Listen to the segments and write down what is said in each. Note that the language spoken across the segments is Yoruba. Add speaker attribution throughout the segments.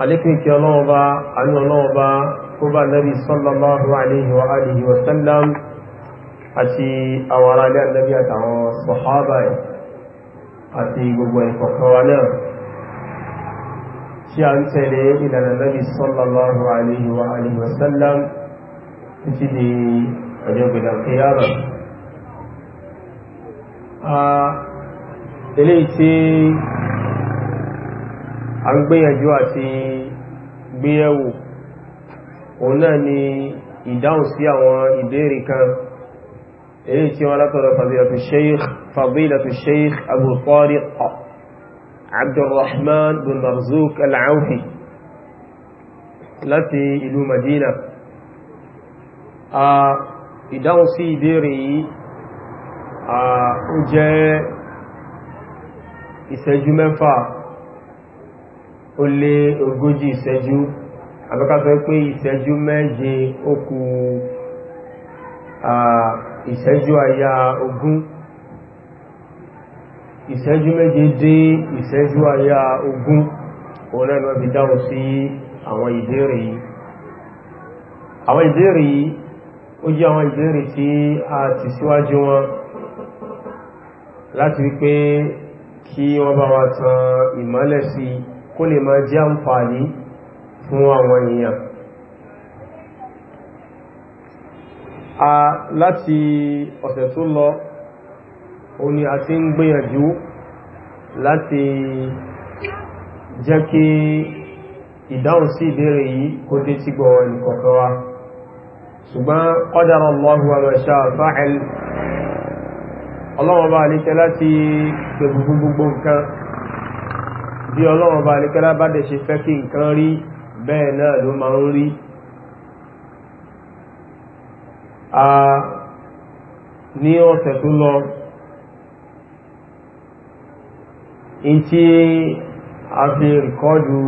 Speaker 1: alékún ìkẹ́ ọlọ́run bá anú ọlọ́run bá kó bá nabi sallallahu alaihi wa alihi wa sallam àti àwárá alẹ́ annabi àtàwọn sahaba àti gbogbo ìkọ̀kọ̀wà náà tí a ń tẹ̀lé ìlànà nabi eléyìí tí a ń gbìyànjú àti gbéyẹ̀wò òun náà ni ìdáhùn sí àwọn ìbéèrè kan èyí tí wọ́n látọ̀rọ̀ fadilatu sheikh fadilatu sheikh abu tariq abdulrahman bin marzouk al-awfi láti ìlú madina a ìdáhùn sí ìbéèrè yìí ó jẹ́ ìṣẹ́jú mẹ́fà ó lé ogójì ìṣẹ́jú àbẹ́kásọ́ pé ìṣẹ́jú méje ó kù ìṣẹ́jú àyà ogún ìṣẹ́jú méje dé ìṣẹ́jú àyà ogún òun náà lọ́bí dáhùn sí àwọn ìbéèrè yìí àwọn ìbéèrè yìí ó jẹ́ àwọn ìbéèrè tí a ti síwájú wọn láti wípé kí wọ́n bá wa tan ìmọ́lẹ̀ sí i kó lè máa jẹ́ àǹfààní fún àwọn èèyàn a láti ọ̀sẹ̀ tó lọ o ni a ti ń gbìyànjú láti jẹ́ kí ìdáhùn sí ìbéèrè yìí kó dé tí gbọ́ ẹnìkọ̀ọ̀kan wa ṣùgbọ́n qadara Allahu wa ma sha'a fa'al ọlọ́wọ́ bá alẹ́kẹ́ láti gbẹ̀gbùgbùgbùgbùn kan bí ọlọ́wọ́ bá alékẹ́lá bá dẹ̀ ṣe fẹ́ kí nǹkan rí bẹ́ẹ̀ náà ló máa ń rí a ní ọ̀sẹ̀ tó lọ in tí a fi rìkọ́dù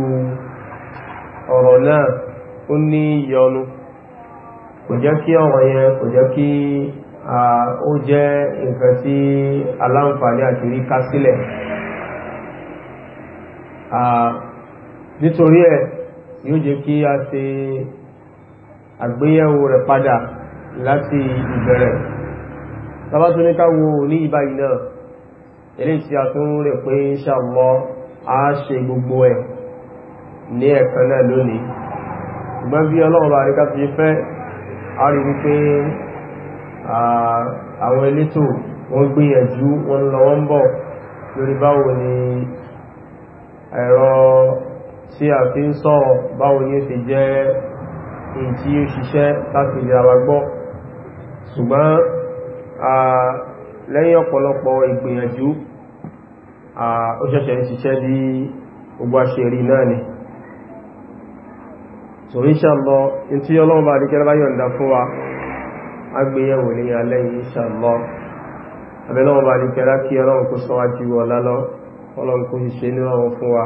Speaker 1: ọ̀rọ̀ náà ó ní ìyọnu kò jẹ́ kí ọ̀rọ̀ yẹn kò jẹ́ kí ó jẹ́ nǹkan tí aláǹfààní àti rí nítorí ẹ̀ yóò jẹ́ kí a ṣe àgbéyẹ̀wò rẹ̀ padà láti ìbẹ̀rẹ̀ tabatúníkàwò ní ìbáyìí náà eléyìí tí a tún rẹ̀ pé inshallah a ṣe gbogbo ẹ̀ ní ẹ̀kan náà lónìí ṣùgbọ́n bí ọlọ́run bá ríká fi fẹ́ a rí wípé àwọn elétò wọ́n gbìyànjú wọ́n lọ wọ́n bọ̀ lórí báwo ni ẹ̀rọ tí a fi ń sọ̀rọ̀ báwo ní ṣe jẹ́ èyí tí ó ṣiṣẹ́ láti lè àwà gbọ́ ṣùgbọ́n lẹ́yìn ọ̀pọ̀lọpọ̀ ìgbìyànjú ó ṣẹ̀ṣẹ̀ ń ṣiṣẹ́ bí gbogbo aṣèrí náà ni so inshallah in tí ọlọ́run bá dìkẹ́ bá yọ̀nda fún wa agbéyẹ̀wò ní alẹ́ inshallah abẹ́lọ́run bá ọlọ́run kó sì ṣe nírọ̀rùn fún wa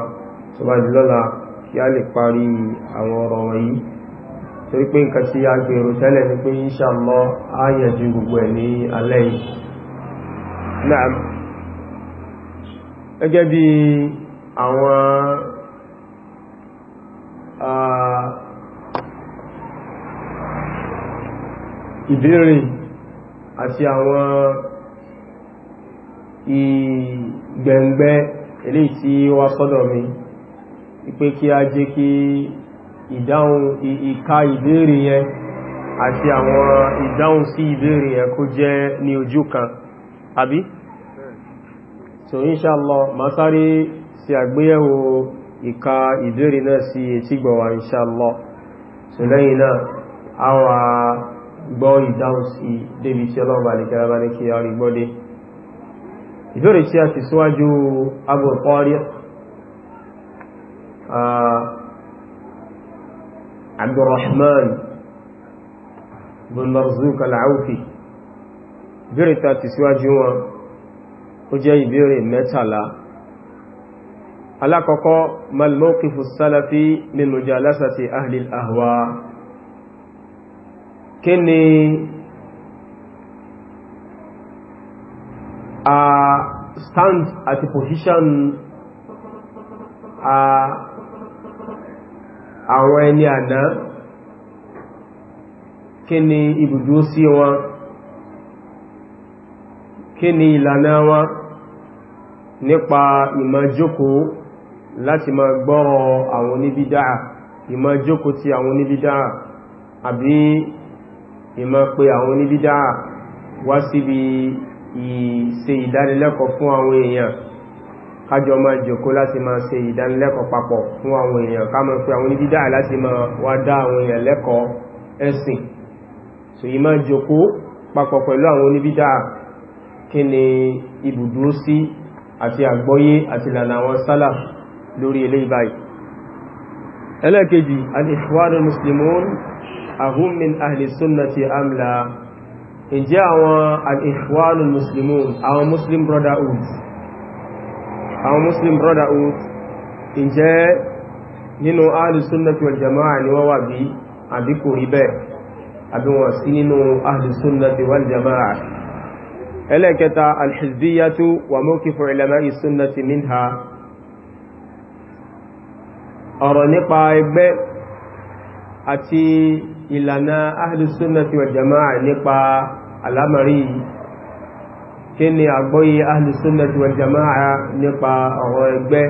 Speaker 1: tó bá di lọ́la kí a lè parí àwọn ọ̀rọ̀ wọ̀nyí torí pé nǹkan tí a gbèrò tẹ́lẹ̀ ni pé insha Allah á yẹ̀jú gbogbo ẹ̀ ní alẹ́ yìí àti àwọn ìgbẹ̀ngbẹ́ eléyìí tí wá sọ́dọ̀ mi wípé kí a jẹ́ kí ìdáhùn ìka ìbéèrè yẹn àti àwọn ìdáhùn sí ìbéèrè yẹn kó jẹ́ ní ojú kan àbí so inṣàlọ́ ma sáré sí àgbéyẹ̀wò ìka ìbéèrè náà sí etí gbọ̀wà inṣàlọ́ so lẹ́yìn náà àwọn gbọ́ ìdáhùn sí débi tí ọlọ́run bá ìbéèrè tí a ti síwájú agbòkọ́rí abdurrahman bin marzouk al-awfi ìbéèrè tí a ti síwájú wọn ó jẹ́ ìbéèrè mẹ́tàlá alákọ̀ọ́kọ́ mal mawqifu salafi min mujalasati ahli al-ahwa kí ni a stand àti position a àwọn ẹni àná kí ni ibùdó sí wọn kí ni ìlànà wọn nípa ìmọ̀jókòó láti máa gbọ́rọ̀ àwọn oníbídáà ìmọ̀jókòó ti àwọn oníbídáà àbí ìmọ̀ pé àwọn oníbídáà wá síbi ìṣe ìdánilẹ́kọ̀ọ́ fún àwọn èèyàn kájọ máa jòkó láti máa ṣe ìdánilẹ́kọ̀ọ́ papọ̀ fún àwọn èèyàn ká máa fi àwọn onídídá láti máa wá dá àwọn èèyàn lẹ́kọ̀ọ́ ẹ̀sìn so yí máa jòkó papọ̀ pẹ̀lú àwọn oníbídá kí ni ibùdúró sí àti àgbọ́yé àti ìlànà àwọn sálà lórí ilé ìbáyìí ẹlẹ́kejì al-ikhwanul muslimun ahum min ahli sunnati amla ìjẹ́ àwọn al-ikhwanu muslimun àwọn muslim brotherhood àwọn muslim brotherhood ìjẹ́ nínú ahlùsúnnàtí wal jama'a ni wọ́n wà bí àbí kò rí bẹ́ẹ̀ àbí wọ́n sí nínú ahlùsúnnàtí wal jama'a ẹlẹ́kẹta al-hizbiyyatu wa mawqifu ulama'i sunnati minha ọ̀rọ̀ nípa ẹgbẹ́ àti ìlànà ahlùsúnnàtí wà jama'a nípa alamari kí ni àgbọ́yé ahlùsúnnàtí wà jama'a nípa ọ̀rọ̀ ẹgbẹ́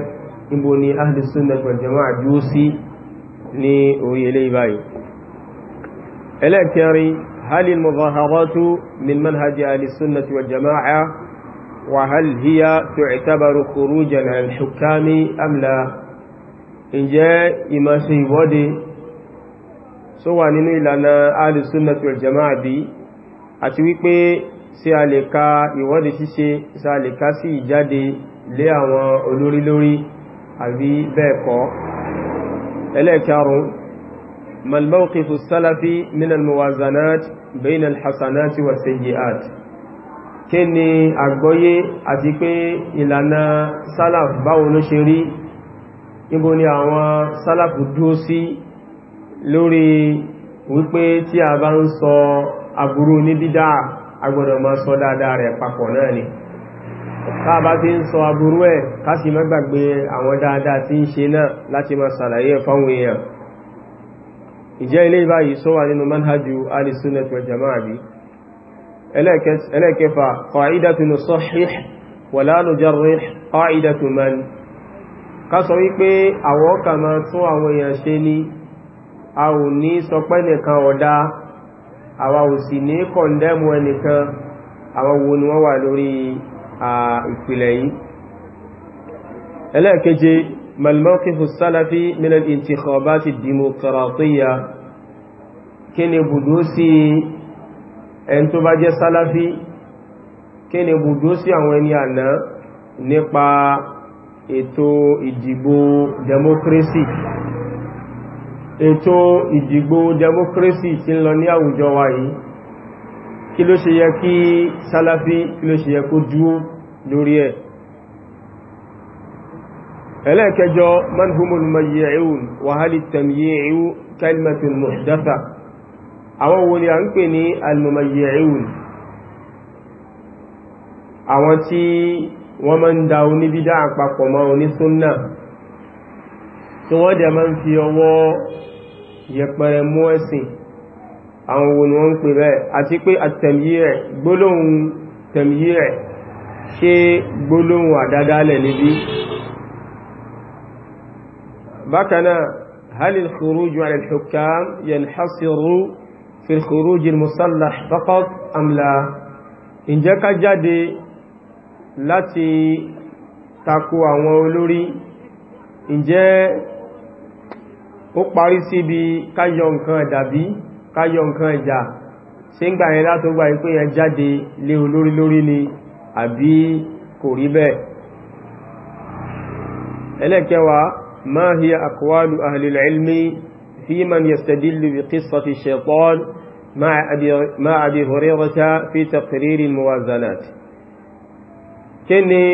Speaker 1: níbo ni ahlùsúnnàtí wà jama'a dúó sí ní orí ilé ẹlẹ́kẹrin هل المظاهرات من منهج أهل السنة والجماعة وهل هي تعتبر خروجا عن الحكام أم لا إن جاء إما سيبودي so wà nínú ìlànà alìsúnnàtí aljama'a bí àti wípé sí a lè ka ìwọ́de ṣíṣe sí a lè ká sí ìjáde lé àwọn olórí lórí àbí bẹ́ẹ̀ kọ́ ẹlẹ́ẹ̀kẹrùn mal mawqifu salafi min muwazanat bayna al-hasanati wa sayyi'at kí ni àgbọ́yé àti salaf báwo ló ṣe rí ibo ni lórí wípé tí a bá ń sọ aburú ní dídá agbọ́dọ̀ máa sọ dáadáa rẹ̀ papọ̀ náà ni tá a bá ti ń sọ aburú ẹ̀ ká sì má gbàgbé àwọn dáadáa tí ń ṣe náà láti máa ṣàlàyé fáwọn èèyàn ìjẹ́ ilé ìbáyìí sọ wà nínú manhajú alìsúnnet wal jama'a a ò ní sọpẹ́ nìkan ọ̀dá àwa ò sì ní kọ̀ndẹ́mù ẹnìkan àwọn wo ni wọ́n wà lórí ìpìlẹ̀ yìí ẹlẹ́ẹ̀keje malmọ́kífù sálàfí minal intikhabati democracy ètò ìdìgbò democracy tí ń lọ ní àwùjọ wa yìí kí ló ṣe yẹ kí sálàfí kí ló ṣe yẹ kó dúó lórí ẹ̀ ẹlẹ́ẹ̀kẹjọ manhumul mayyi'un wa hal at-tamyi'u kalimatun muhdatha àwọn wo ni tí wọ́n máa ń da oníbídá àpapọ̀ mọ́ onísúnnà tí wọ́n dẹ̀ máa ń fi ọwọ́ yẹpẹrẹ mú ẹ̀sìn àwọn wo ni wọ́n ń pè bẹ́ẹ̀ àti pé àtẹ̀mí rẹ̀ gbólóhùn tẹ̀mí rẹ̀ ṣe gbólóhùn àdádálẹ̀ níbí bákanáà halil khuruj ala al-hukam yanhasiru fi al-khuruj al-musallah faqat am la láti tako àwọn olórí ǹjẹ́ ó parí síbi káyọ nǹkan ẹ̀dàbí káyọ nǹkan ẹ̀jà ṣe ń gbà yẹn látó gbà pé yẹn jáde lé olórí lórí ni àbí kò rí bẹ́ẹ̀ ẹlẹ́kẹwàá ma hiya aqwalu ahli مع أبي هريرة في تقرير الموازنات كني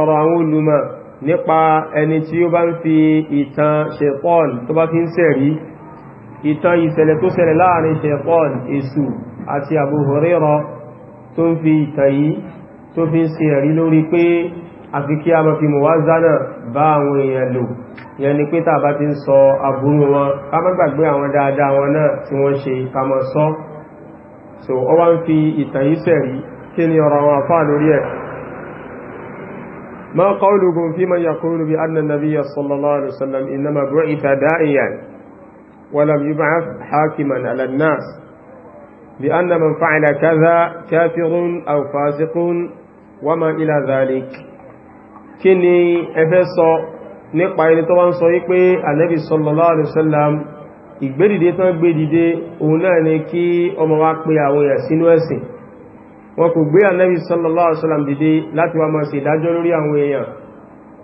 Speaker 1: أرعون لما nípa ẹni tí ó bá ń fi ìtàn ṣẹ̀pọ̀n tó bá fi ń sẹ̀rí ìtàn ìṣẹ̀lẹ̀ tó ṣẹlẹ̀ láàrin ṣẹ̀pọ̀n èṣù àti Abu Hurairah tó ń fi ìtàn yìí tó fi ń ṣe ẹ̀rí lórí pé àfi kí a mọ́ fi mọ̀wázánà bá àwọn èèyàn lò yẹn ni pé tàbá ti ń sọ aburú wọn ká ما قولكم فيمن يقول بأن النبي صلى الله عليه وسلم إنما بعث داعيا ولم يبعث حاكما على الناس بأن من فعل كذا كافر أو فاسق وما إلى ذلك kíni ẹfẹ́ sọ nípa ẹni tó wá ń sọ wípé Ànábì sallallahu alaihi wasallam ìgbédìde tán gbédìde òun náà ni kí ọmọ wá pé àwọn èèyàn sínú ẹ̀sìn wọn kò gbé ànábì sallallahu alaihi wasallam dìde láti wá máa ṣe ìdájọ́ lórí àwọn èèyàn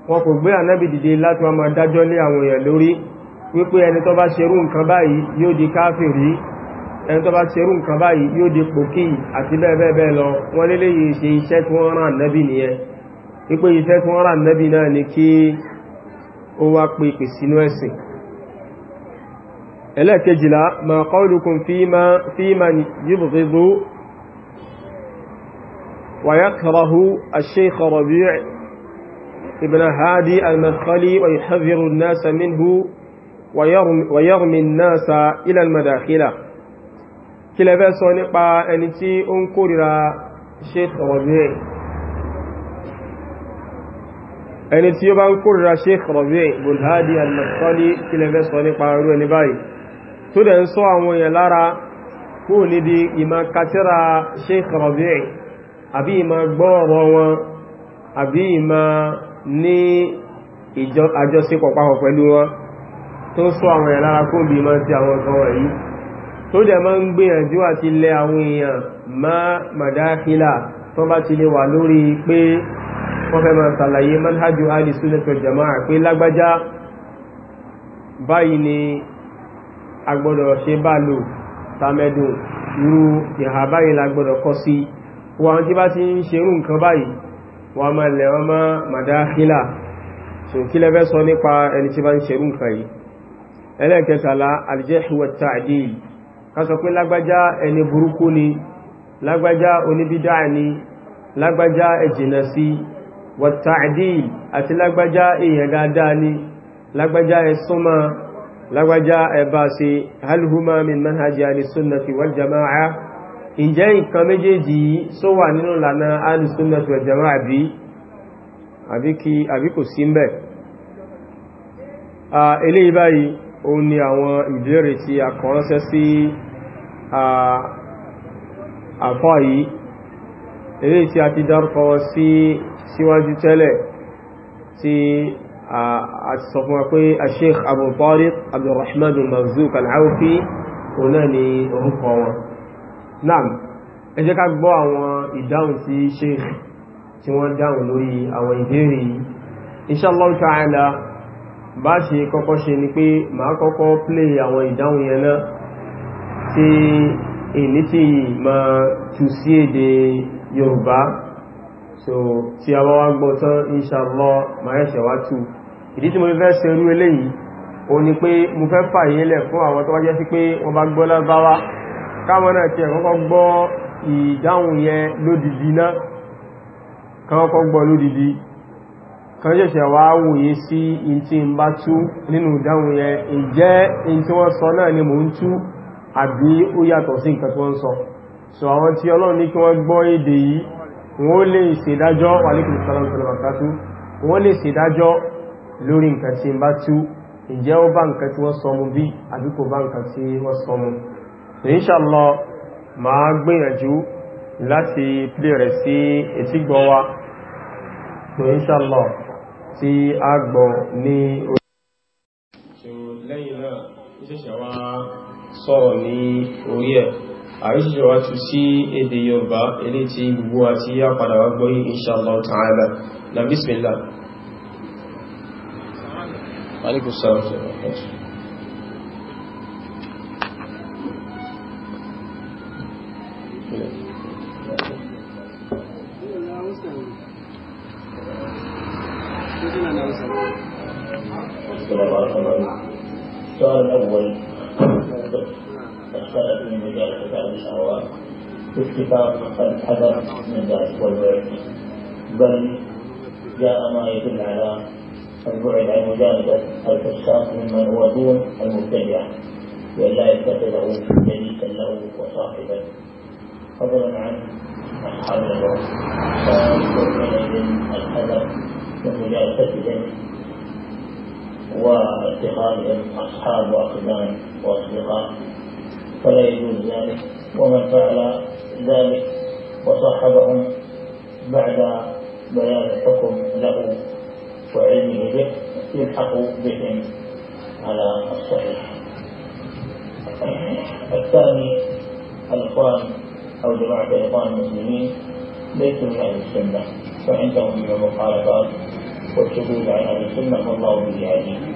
Speaker 1: wọn kò gbé ànábì dìde láti wá máa dájọ́ lé àwọn èèyàn lórí wípé ẹni tó bá ṣerú nǹkan báyìí yóò di káfìrí ẹni tó bá ṣerú nǹkan báyìí yóò di pòkì àti bẹ́ẹ̀bẹ́ẹ̀ lọ ويكره الشيخ ربيع ابن هادي المدخلي ويحذر الناس منه ويرمي, ويرمي الناس إلى المداخلة كلا بأس ونقع أنتي أنكر الشيخ ربيع أنتي أنكر الشيخ ربيع ابن هادي المدخلي كلا بأس ونقع أنتي باي تدنسوا عمو يلارا كوني دي إما كترى الشيخ ربيع àbí ìmọ̀ gbọ́ọ̀rọ̀ wọn àbí ìmọ̀ ní àjọṣepọ̀ papọ̀ pẹ̀lú wọn tó sọ àwọn èèyàn lára kó bí mọ́ sí àwọn ọ̀kan wọ̀nyí tó dẹ̀ mọ́ ń gbìyànjú àti lẹ àwọn èèyàn má màdáhílà tó bá ti lè wà lórí pé wọ́n fẹ́ máa sàlàyé manhajú ahli sunnah wal jama'a pé lágbájá báyìí ni agbọ́dọ̀ ṣe bá lò tàmẹ́dùn irú ìhà báyìí lágbọ́dọ̀ kọ́ sí wọ́n tí bá ti ń ṣerú nǹkan báyìí wọ́n ma lẹ̀ wọ́n má madáhílà so kí lẹ́fẹ́ sọ nípa ẹni tí bá ń ṣerú nǹkan yìí ẹlẹ́ẹ̀kẹtàlá al-jahru wat-ta'dil ká sọ pé lágbájá ẹni burúkú ni lágbájá oníbídá ni lágbájá ẹ̀jìnà ǹjẹ́ nǹkan méjèèjì só wà nínú ìlànà alìsúnnà tó ẹ̀jẹ̀ máa bí àbí kò sí mbẹ̀ eléyìí báyìí òun ni àwọn ìbéèrè tí a kọ ránṣẹ́ sí àfọ́ yìí eléyìí tí a ti dárúkọ sí síwájú tẹ́lẹ̀ tí a ti sọ fún wa pé a sheikh abu tariq abdurrahman bin marzouk al-awfi òun náà ni orúkọ wọn náà ẹ jẹ́ ká gbọ́ àwọn ìdáhùn tí sheikh tí wọ́n dáhùn lórí àwọn ìbéèrè yìí inshallah ta'ala bá ṣe kọ́kọ́ ṣe ni pé màá kọ́kọ́ play àwọn ìdáhùn yẹn náà tí èyí tí ma tù sí èdè Yorùbá so tí a bá wá gbọ́ tán inshallah màá ẹ̀ṣẹ̀ wá tù mo fẹ́ ṣe irú eléyìí o ni pé mo fẹ́ fàyẹ́lẹ̀ fún àwọn káwọn náà tiẹ̀ kọ́kọ́ gbọ́ ìdáhùn yẹn lódìdí náà kan kọ́kọ́ gbọ́ lódìdí kan ṣẹ̀ṣẹ̀ wá wòye sí in tí n bá tú nínú ìdáhùn yẹn ìjẹ́ in tí wọ́n sọ náà ni mò ń tú àbí ó yàtọ̀ sí nǹkan tí wọ́n sọ so àwọn tí ọlọ́run ní kí wọ́n gbọ́ èdè yìí wọ́n lè ṣèdájọ́ inshallah máa gbìyànjú láti plé rẹ̀ sí etígbọ́ wa so inshallah tí a gbọ́ ní orí so lẹ́yìn náà ìṣẹ́ṣẹ́ wá sọ̀rọ̀ ní orí ẹ̀ àríṣẹ́ṣẹ́ wá tú sí èdè Yorùbá ilé tí gbogbo àti yá padà wá gbọ́ yìí inshallah ta'ala na bismillah Wa
Speaker 2: alaikum salaam في اتفاق قد حذر من ذلك والبعد بل جاء ما يدل على البعد عن مجانبة الفساق ممن هو دون المبتدع وأن لا يتخذه شريكا له وصاحبا فضلا عن أصحاب الرسول فحينئذ الحذر من مجالستهم واتخاذهم أصحاب وأقدام وأصدقاء فلا يجوز ذلك ومن فعل ذلك وصاحبهم بعد بيان الحكم له وعلمه به يلحق بهم على الصحيح الثاني الإخوان أو جماعة الإخوان المسلمين ليسوا من أهل السنة فعندهم من المخالفات والشذوذ عن أهل السنة والله به عليم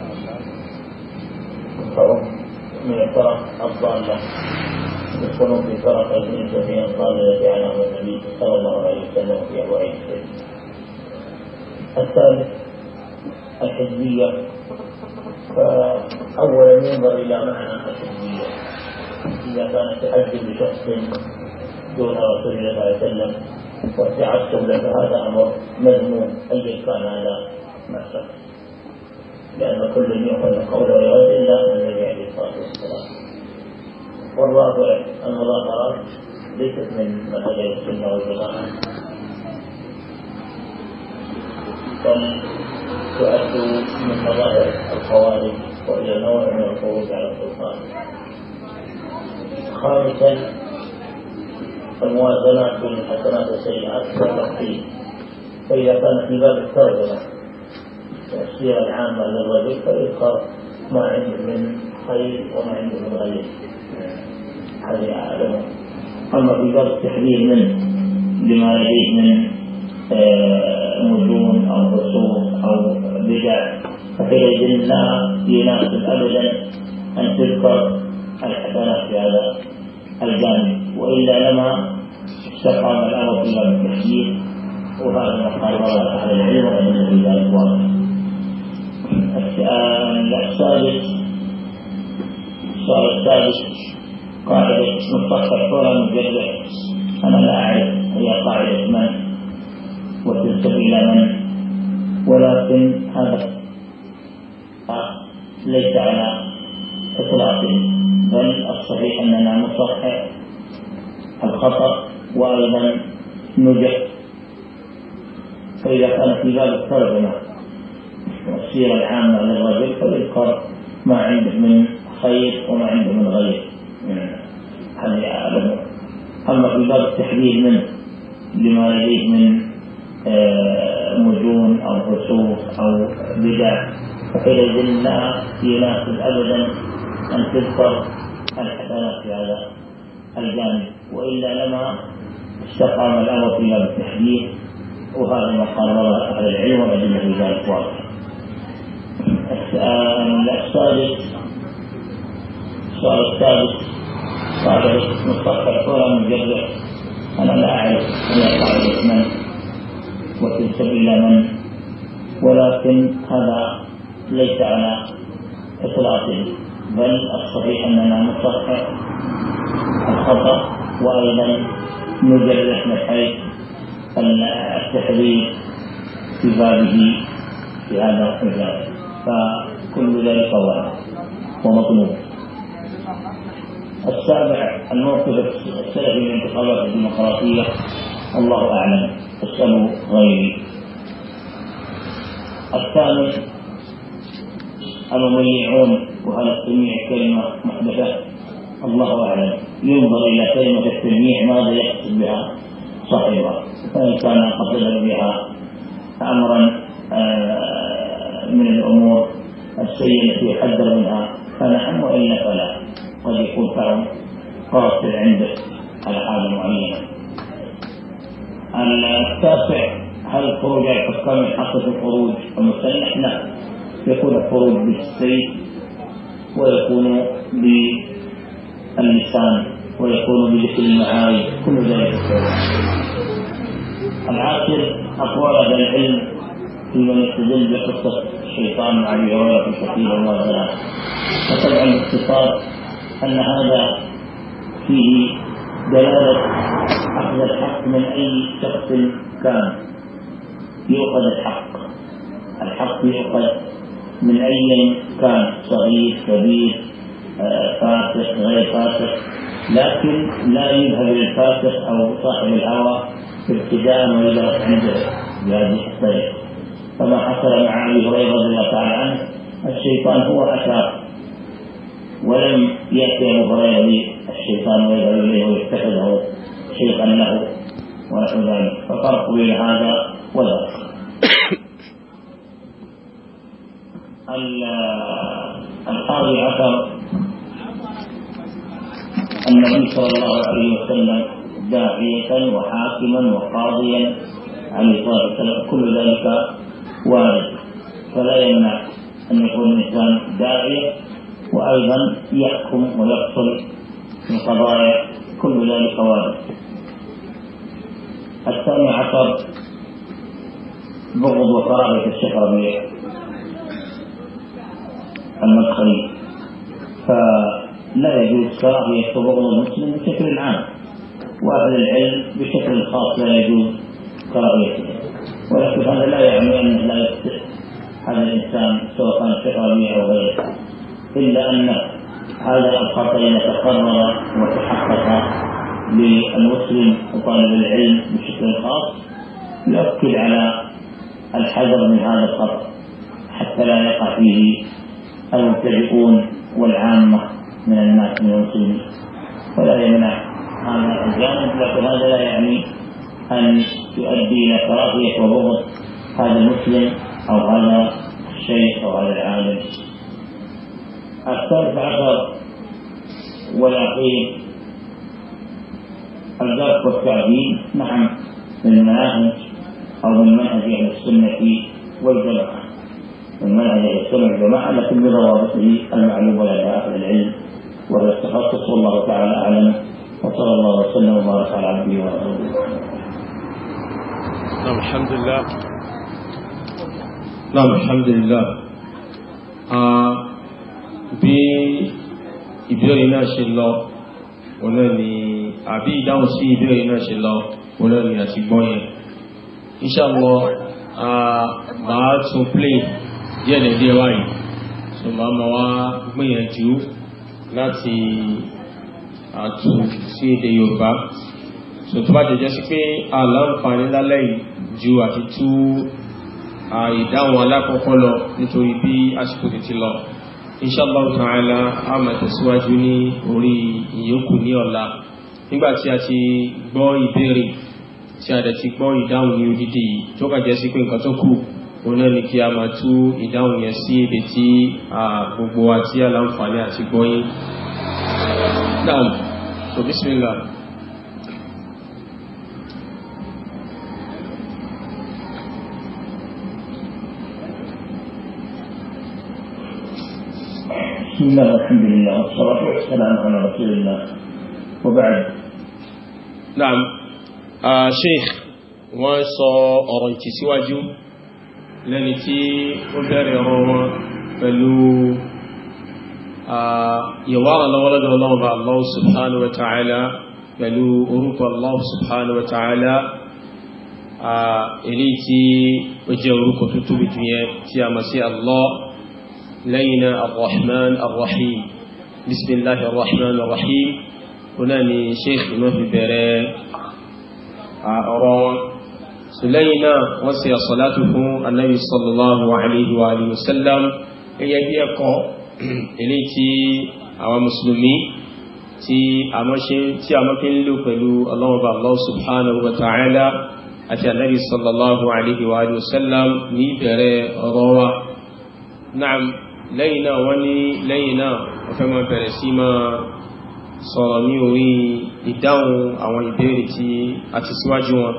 Speaker 2: فهم من الفرق الضالة يدخل في فرقين جميعا قال على النبي صلى الله عليه وسلم في ابواب الثالث الحزبية فأولا ينظر إلى معنى الحزبية إذا كانت تؤدي بشخص دون رسول الله صلى الله عليه وسلم والتعصب له هذا أمر مذموم أيا كان هذا مع لأن كل يؤخذ قوله ويؤدي إلا النبي عليه الصلاة والسلام والرابع المظاهرات ليست من مذهب السنة والجماعة بل تعد من مظاهر الخوارج وهي نوع من الخروج على السلطان خامسا الموازنة بين الحسنات والسيئات والتقدير فإذا كان في باب الترجمة والسيرة العامة للرجل فيذكر ما عنده من خير وما عنده من غير هذه أعلم أما في باب التحذير منه بما لديه من مجون آه، أو رسوم أو بدع فحينئذ لا يناسب أبدا أن تذكر الحسنات في هذا الجانب وإلا لما استقام الأمر في باب التحذير وهذا ما قال أهل العلم وأن في ذلك واضح السؤال السادس السؤال السادس قاعدة مطفى الصورة مجدد أنا لا أعرف هي قاعدة من وتنسب إلى من ولكن هذا ليس على إطلاق بل الصحيح أننا نصحح الخطأ وأيضا نجح فإذا كان في ذلك ترجمة السيرة العامة للرجل فيذكر ما عنده من خير وما عنده من غير هل يعلم أما في باب التحذير منه لما يليه من آه، مجون أو فسوق أو بدع يقول لا يناسب أبدا أن تذكر الحسنات في هذا الجانب وإلا لما استقام الأمر في باب التحذير وهذا ما قرر أهل العلم والأدلة في ذلك واضح. السؤال السادس السؤال السادس قال مصطفى صورة من جده أنا لا أعرف أن يقع من وتلك إلى من ولكن هذا ليس على إطلاق بل الصحيح أننا نصحح الخطأ وأيضا نجرح من حيث التحريف في بابه في هذا المجال فكل ذلك واضح ومطلوب السابع الموقف السلفي من الانتخابات الديمقراطية الله أعلم السم غيري الثاني المضيعون وهل التلميع كلمة محدثة الله أعلم ينظر إلى كلمة التلميع ماذا يقصد بها صاحبها فإن كان قصدا بها أمرا آه، من الأمور السيئة التي يحذر منها فنعم وإلا فلا قد يكون فعلا قاصر عندك على حاله معينه. التاسع هل الخروج على الحكام يحقق الخروج المسلح؟ لا. يكون الخروج بالسيف ويكون باللسان ويكون بذكر المعارف كل ذلك العاشر اقوال اهل العلم من يستدل بقصه الشيطان مع ابي هريره في سبيل الله تعالى. فطبعا باختصار أن هذا فيه دلالة أخذ الحق من أي شخص كان يؤخذ الحق الحق يؤخذ من أي كان صغير كبير آه، فاسق غير فاسق لكن لا يذهب للفاسق أو صاحب الهوى ابتداء وإلى عنده بهذه الطريقة كما حصل مع أبي هريرة رضي الله تعالى عنه الشيطان هو أشار ولم يأتي على فراغه الشيطان ويدعو إليه ويتخذه شيخا له ونحو ذلك ففرق بين هذا وذاك القاضي عثر النبي صلى الله عليه وسلم داعية وحاكما وقاضيا عن إطلاق السلف كل ذلك وارد فلا يمنع أن يكون الإنسان داعية وأيضا يحكم ويقتل في قضايا كل ذلك وارد الثاني عشر بغض وكراهية الشيخ ربيع المدخلي فلا يجوز كراهية وبغض المسلم بشكل عام وأهل العلم بشكل خاص لا يجوز كراهيته ولكن هذا لا يعني أنه لا يصح هذا الإنسان سواء كان الشيخ ربيع أو غيره إلا أن هذا الخطأ يتقرر وتحقق للمسلم وطالب العلم بشكل خاص يؤكد على الحذر من هذا الخطأ حتى لا يقع فيه المبتدئون والعامة من الناس من المسلمين ولا يمنع هذا الجانب لكن هذا لا يعني أن يؤدي إلى كراهية وبغض هذا المسلم أو هذا الشيخ أو هذا العالم الثالث عشر والأخير الدرس والتعديل نعم من المناهج أو من منهج أهل السنة والجماعة من منهج أهل السنة والجماعة لكن بضوابطه المعلومة لدى أهل العلم وهي التخصص والله تعالى أعلم وصلى الله وسلم وبارك على عبده ورسوله.
Speaker 1: نعم الحمد لله. نعم الحمد لله. آه bí ìbéèrè náà ṣe lọ olóòní àbí ìdáhùn sí ìbéèrè náà ṣe lọ olóòní àti gbọ́yẹn inshallah máa tún play díẹ̀ lẹ́díẹ̀ wáyìí so máa ma wá gbìyànjú láti àtú sí èdè Yorùbá so tó bá jẹjẹ sí pé àlàǹfààní lálẹ́ ju àti tú ìdáhùn alákọ̀ọ́kọ́ lọ nítorí bí àsìkò ti ti lọ inshallah ta'ala a máa tẹ̀síwájú ní orí ìyókù ní ọ̀la nígbà tí a ti gbọ́ ìbéèrè tí a dẹ̀ ti gbọ́ ìdáhùn ní odidi yìí tó kà jẹ́ sí pé nǹkan tó kù òun náà ni kí a máa tú ìdáhùn yẹn sí èdè tí gbogbo àti aláǹfààní àti gbọ́yìn. Naam, so
Speaker 2: بسم الله والحمد لله والصلاة والسلام على رسول الله وبعد نعم
Speaker 1: شيخ wọ́n sọ ọ̀rọ̀ ìtìsíwájú lẹ́ni tí ó bẹ̀rẹ̀ ọ̀rọ̀ wọn pẹ̀lú ìwárà lọ́wọ́lọ́dọ̀ ọlọ́ọ̀bà Allah subhanahu wa ta'ala pẹ̀lú orúkọ Allah subhanahu wa ta'ala èyí tí ó jẹ́ orúkọ tó tóbi jù yẹn tí a mọ̀ sí Allah lẹ́yìn arrahman arrahim bismillahi arrahman arrahim kúnà ni sheikh iná fi bẹ̀rẹ̀ ọ̀rọ̀ wọn so lẹ́yìn náà wọ́n ṣe àsọ̀látù fún anábi sallallahu alaihi wa alihi wasallam gẹ́gẹ́ bí ẹ̀kọ́ ilé tí àwọn musulmi tí a mọ́ fi ń lò pẹ̀lú ọlọ́wọ́ba allah subhanahu wa ta'ala àti anábi sallallahu alaihi wa alihi wasallam ní ìbẹ̀rẹ̀ ọ̀rọ̀ wa na'am lẹ́yìn náà wọ́n ní lẹ́yìn náà wọ́n fẹ́ máa bẹ̀rẹ̀ sí máa sọ̀rọ̀ ní orí ìdáhùn àwọn ìbéèrè tí a ti síwájú wọn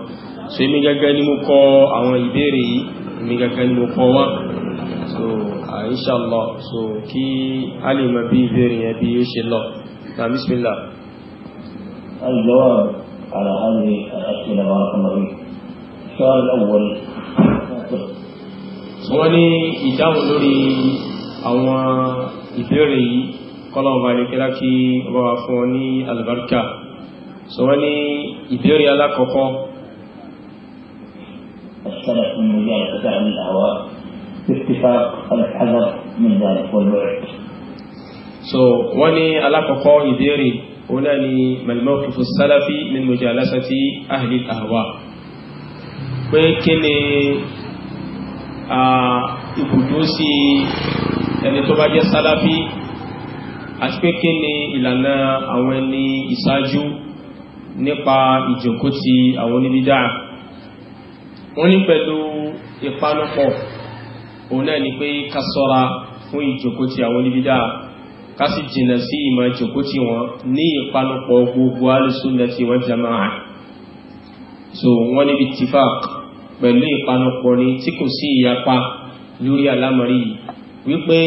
Speaker 1: so èmi gẹ́gẹ́ ni mo kọ àwọn ìbéèrè yìí èmi gẹ́gẹ́ ni mo kọ wọ́n so inshallah so kí a lè mọ bí ìbéèrè yẹn bí ó ṣe lọ na bismillah
Speaker 2: الجواب على هذه
Speaker 1: wọ́n ní ìdáhùn lórí àwọn ìbéèrè yìí kọ́lọ̀ọ̀bá ní kílá kí ọba wà fún ọ ní albarka so wọ́n ní ìbéèrè alákọ̀ọ́kọ́
Speaker 2: السلف من رجال التساؤل الأهواء باتفاق الحذر من ذلك والبعد.
Speaker 1: So وني alákọ̀ọ́kọ́ ìbéèrè òun náà ni malmọ́kìfù sálàfí min mujalasati ahli al-ahwa pé kí ni ibùdó sí ẹni tó bá jẹ́ sálàfí àti pé kí ni ìlànà àwọn ẹni ìsáájú nípa ìjòkó ti àwọn oníbídá wọ́n ní pẹ̀lú ìpanupọ̀ òun náà ni pé ká sọ́ra fún ìjòkó ti àwọn oníbídá ká sì jìnà sí ìmọ̀ ìjòkó ti wọn ní ìpanupọ̀ gbogbo alùsùnlẹ̀ ti wọ́n jama'a ni tí kò sí ìyapa lórí alámọ̀rí wípé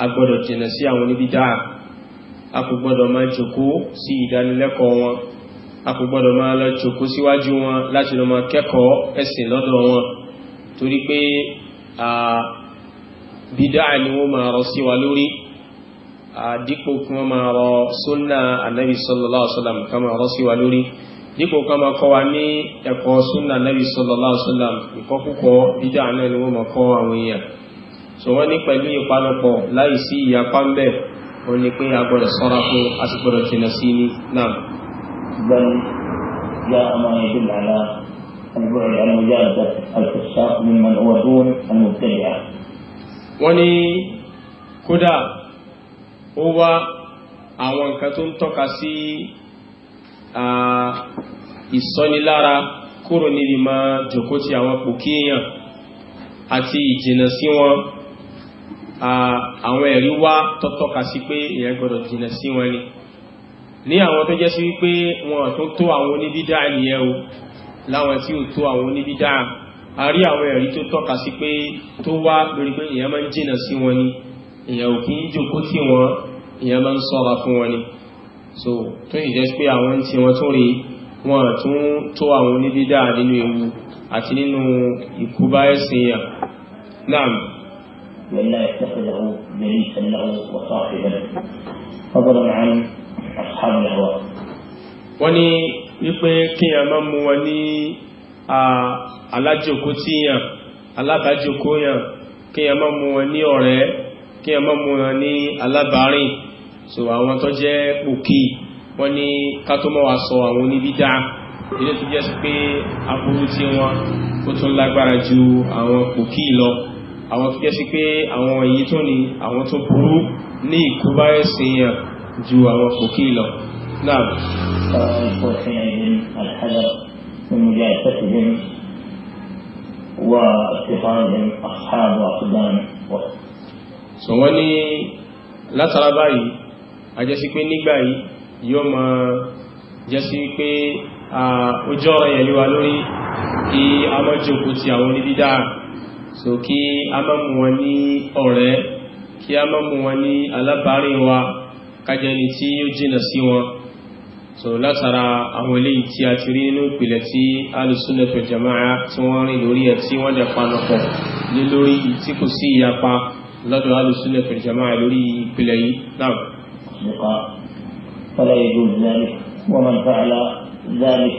Speaker 1: a gbọ́dọ̀ jìnà sí àwọn oníbídá a kò gbọ́dọ̀ máa jòkó sí ìdánilẹ́kọ̀ọ́ wọn a kò gbọ́dọ̀ máa lọ jòkó síwájú wọn láti lọ máa kẹ́kọ̀ọ́ ẹ̀sìn lọ́dọ̀ wọn torí pé bídá ni wọ́n máa rọ sí wa lórí dípò kí wọ́n máa rọ súnnà ànábì sallallahu alaihi wasallam ká máa rọ sí wa lórí dípò kan máa kọ́ wa ní ẹ̀kọ́ súnà nàbì sallallahu alaihi wasallam ìkọ́kúkọ́ bídà náà ni wọ́n máa kọ́ àwọn èèyàn so wọ́n ní pẹ̀lú ìpanupọ̀ láì sí ìyapa ń bẹ̀ ó ní pé a gbọ́dọ̀ sọ́ra fún a sì gbọ́dọ̀ jìnà
Speaker 2: sí ní náà. bẹ́ẹ̀ni yá ọmọ ìlú làlá البعد عن مجالدة الفساق ممن هو دون المبتدع wọ́n ní
Speaker 1: kódà ó wá àwọn nǹkan tó ń tọ́ka sí ìsọ́nilára kúrò níbi ma jòkó ti àwọn pòkíyàn àti ìjìnà sí wọn àwọn ẹ̀rí wá tọ́tọ́ka sí pé èyàn gbọ́dọ̀ jìnà sí wọn ni ní àwọn tó jẹ́ sí wípé wọn tó tó àwọn oníbídá nìyẹn o láwọn tí ó tó àwọn oníbídá a rí àwọn ẹ̀rí tó tọ́ka sí pé tó wá lórí pé èyàn máa ń jìnà sí wọn ni èyàn ò kí ń jòkó tí wọn èyàn máa ń sọ́ra fún wọn ni so tó ìjẹ́ pé àwọn tí wọ́n tún rí wọn tún tó àwọn onídídá nínú ewu àti nínú ìkúbá ẹ̀sìn yà náà
Speaker 2: لله يتخذه مريسا له وصاحبا فضلا عن أصحاب الهوى
Speaker 1: wọ́n ní wípé kí a máa mú wọn ní alájòkó tí yàn alábájòkó yàn kí a máa mú wọn ní ọ̀rẹ́ kí a máa mú wọn ní alábárìn so àwọn tó jẹ́ òkè wọ́n ní ká tó mọ́ wa sọ àwọn oníbídá ilé tó jẹ́ sí pé aburú tí wọn ó tún lágbára ju àwọn òkè lọ àwọn tó jẹ́ sí pé àwọn èyí tó ní àwọn tó burú ní ìkúbárẹ̀sìyàn ju àwọn òkè lọ so wọ́n ní látara báyìí àjẹsí pé nígbà yìí yóò mọ̀ jẹ́sí pé ojú ọ̀rọ̀ yẹ̀ líwa lórí kí a mọ́ jókòó ti àwọn oníbídá so kí a mọ́ mú wọn ní ọ̀rẹ́ kí a mọ́ mú wọn ní alábàárín wa kájẹ́ ni tí ó jìnà sí wọn so látara àwọn eléyìí tí a ti rí nínú ìpìlẹ̀ tí alùsúnnah wal jama'a tí wọ́n rìn lórí ẹ̀ tí wọ́n dẹ̀ panapọ̀ lé lórí tí kò sí ìyapa lọ́dọ̀ alùsúnnah jama'a lórí ìpìlẹ̀ yìí náà
Speaker 2: الأصدقاء فلا يجوز ذلك ومن فعل ذلك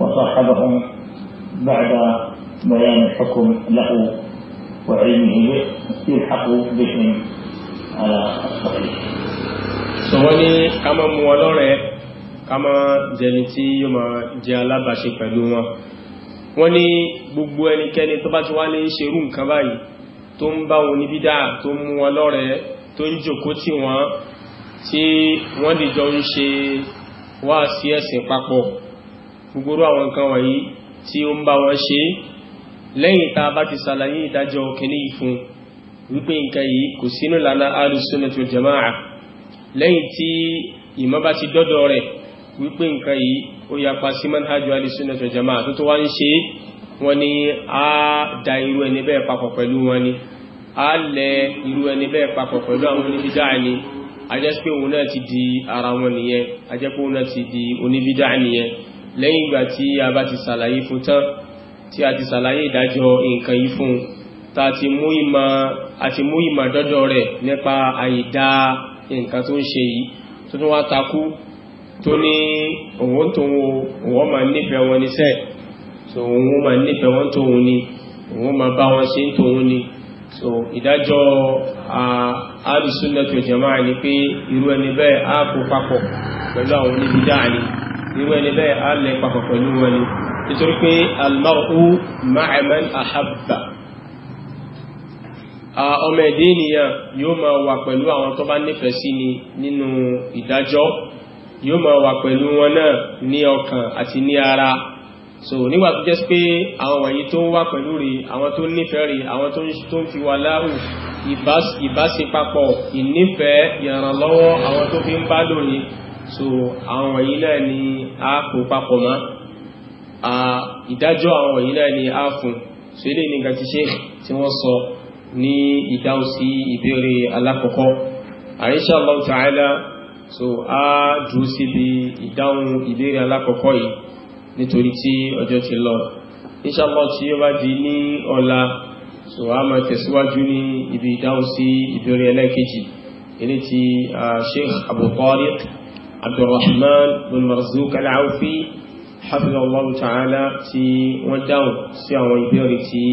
Speaker 2: وصاحبهم بعد بيان الحكم له وعلمه به يلحق بهم على الصحيح sọ̀wọ́n ní ká máa mú wọn lọ́rẹ̀ẹ́
Speaker 1: ká máa jẹni tí yóò máa jẹ alábàáṣe pẹ̀lú wọn wọ́n ní gbogbo ẹnikẹ́ni tó bá ti wá lè ṣerú nǹkan báyìí tó ń bá wọn níbí dáa tó mú wọn lọ́rẹ̀ẹ́ tó ń jòkó tì wọ́n tí wọ́n dìjọ ń ṣe wá sí ẹ̀sìn papọ̀ gbogbo àwọn nǹkan wọ̀nyí tí ó ń bá wọn ṣe lẹ́yìn tá a bá ti sàlàyé ìdájọ́ kìíní fún wípé nǹkan yìí kò sínú lànà alùsùnà jama'a lẹ́yìn tí ìmọ̀ bá ti dọ́dọ̀ rẹ̀ wípé nǹkan yìí ó yapa sí manhajú alùsùnà jama'a tó tó wá ń ṣe wọn ni a da irú ẹni bẹ́ẹ̀ papọ̀ pẹ̀lú wọn ni a lẹ irú ẹni bẹ́ẹ̀ papọ̀ pẹ̀lú àwọn oníbídà ni ajẹ́ pé òun náà ti di ara wọn nìyẹn ajẹ́ pé òun náà ti di oníbídá nìyẹn lẹ́yìn ìgbà tí a bá ti sàlàyé fún tán tí a ti sàlàyé ìdájọ́ nǹkan yìí fún ta ti mú ìmọ̀ àti mú ìmọ̀ dọ́dọ̀ rẹ̀ nípa àìdá nǹkan tó ń ṣe yìí tó tún wá takú tó ní òun tóun òun máa nífẹ̀ẹ́ wọn ní sẹ́ẹ̀ so òun máa nífẹ̀ẹ́ wọn tóun ni òun máa bá wọn ṣe ń tóun ni so ìdájọ́ alùsùnlẹ̀tì òjẹ̀máà ní pé irú ẹni bẹ́ẹ̀ á kó papọ̀ pẹ̀lú àwọn oníbídá ni irú ẹni bẹ́ẹ̀ á lẹ papọ̀ pẹ̀lú wọn ni pé almar'u ma'a man ahabba ọmọ ẹ̀dẹ́ ènìyàn yóò máa wà pẹ̀lú àwọn tó bá nífẹ̀ẹ́ sí ni nínú ìdájọ́ yóò máa wà pẹ̀lú wọn náà ní ọkàn àti ní ara so nígbà tó jẹ́ pé àwọn wọ̀nyí tó ń wá pẹ̀lú rí àwọn tó nífẹ̀ẹ́ rí àwọn tó ń fi wà láàrù ìbáṣepapọ̀ ìnífẹ̀ẹ́ ìrànlọ́wọ́ àwọn tó fi ń bá lónìí so àwọn wọ̀nyí náà ni a kò papọ̀ mọ́ ìdájọ́ àwọn wọ̀nyí náà ni a fún so ilé nìkan ti ṣe tí wọ́n sọ ní ìdáhùn sí ìbéèrè alákọ̀ọ́kọ́ insha Allah ta'ala so a dúró síbi ìdáhùn ìbéèrè alákọ̀ọ́kọ́ yìí nítorí tí ọjọ́ ti lọ inshallah tí ó bá di ní ọ̀la so a máa tẹ̀síwájú ní ibi ìdáhùn sí ìbéèrè ẹlẹ́ẹ̀kejì ilé ti sheikh abu tariq abdulrahman bin marzouk al-awfi hafizallahu ta'ala tí wọ́n dáhùn sí àwọn ìbéèrè tí